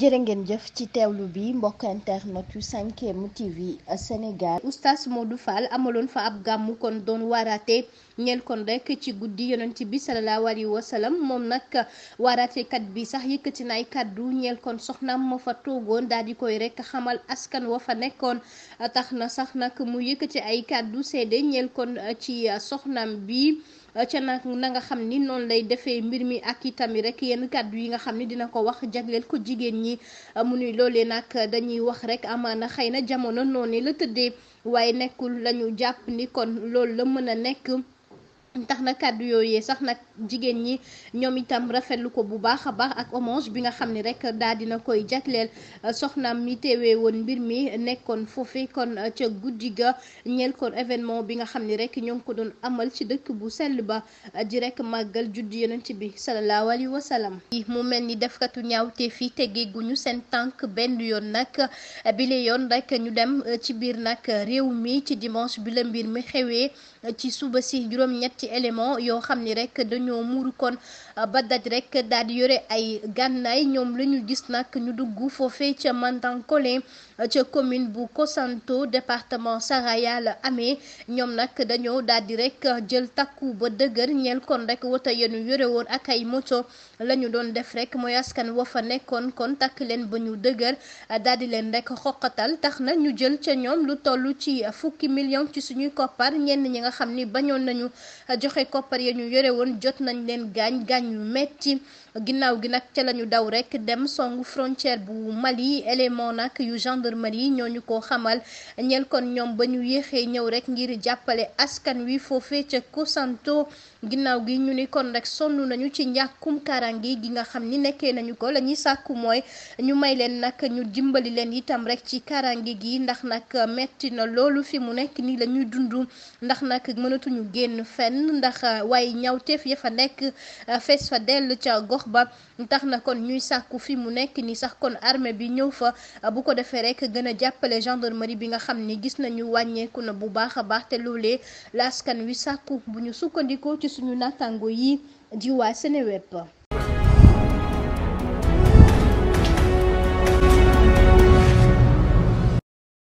jërë ngeen jëf ci teewlu bi mbokk internet yu 5M TV Sénégal oustaz Modou Fall amaloon fa ab gàmmu kon doon waaraate ñeel kon rekk ci guddi yonent bi sallallahu alayhi wa moom nag waaraatekat bi sax yëkkati na ay kàddu ñeel kon soxnaam ma fa toogoon daal di koy rek xamal askan wa fa nekkoon atax na sax nag mu yëkkati ay kàddu seede ñeel kon ci soxnaam bi Euh, ca nag na nga xam ni noonu lay defee mbir mi ak itamit rek yenn kàddu yi nga xam ni dina ko wax jagleel ko jigéen ñi euh, mu nuy loolee nag dañuy wax rek amaana xëy na jamono noonu la tëddee waaye nekkul lañu jàpp ni kon loolu la mën a nekk tax na kàddu yooyee sax nag jigéen ñi ñoom itam rafetlu ko bu baax a baax ak hommage bi nga xam ne rek daal dina koy jagleel euh, soxnaam mi teewee woon mbir mi nekkoon foofu kon euh, ca guddi ga ñeel kon événement bi nga xam ni rek ñoo ngi ko doon amal ci dëkk bu sell ba euh, di rek màggal juddu yonent bi salallaahu alayhi wa salaam. mu mel ni defkatu ñaawte fii ñu seen tànk benn yoon nag bile yoon rek ñu dem ci biir nag réew mi ci dimanche bi la mbir mi xewee ci suba si élément yoo xam ni rek dañoo muuru kon ah, ba daj rek daal di yore ay gànnaay ñoom la ñu gis nag ñu dugg foofee ca Mandankolé ah, ca commune bu Kosanto département Saraya yàlla amee ñoom nag dañoo daal di rek jël takku ba dëgër ñeel kon rek woto yenu yore woon ak ay moto la ñu doon def rek mooy askan wa fa nekkoon kon takk leen ba ñu dëgër ah, daal di leen rek xoqatal tax na ñu jël ca ñoom lu toll ci fukki million ci suñuy koppar ñenn ñi nga xam ni bañoon nañu joxe koppar ya ñu yore woon jot nañ leen gaañ gaañ yu metti ginnaaw gi nag ca la ñu daw rek dem song frontière bu Mali élément nag yu gendarmerie ñoo ñu ko xamal ñeel kon ñoom ba ñu yéexee ñëw rek ngir jàppale askan wi foofee ca santo ginnaaw gi ñu ni kon rek sonn nañu ci njàkkum karangi gi nga xam ni nekkee nañu ko la ñuy sàkku mooy ñu may leen nag ñu dimbali leen itam rek ci karangi gi ndax nag metti na loolu fi mu nekk nii lañuy ñuy ndax nag mënatuñu génn benn ndax euh, waaye ñawteef ya fa nekk euh, fees fa dell ca gox ba tax na kon ñuy sàkku fi mu nekk ni sax kon armée bi ñëw fa euh, bu ko defee rek gën a jàppale gendarmerie bi nga xam ni gis nañu wàññeeku na bu baax a baax te loolee la wi sàkku bu ñu sukkandikoo ci suñu naataango yi di waa Seneweb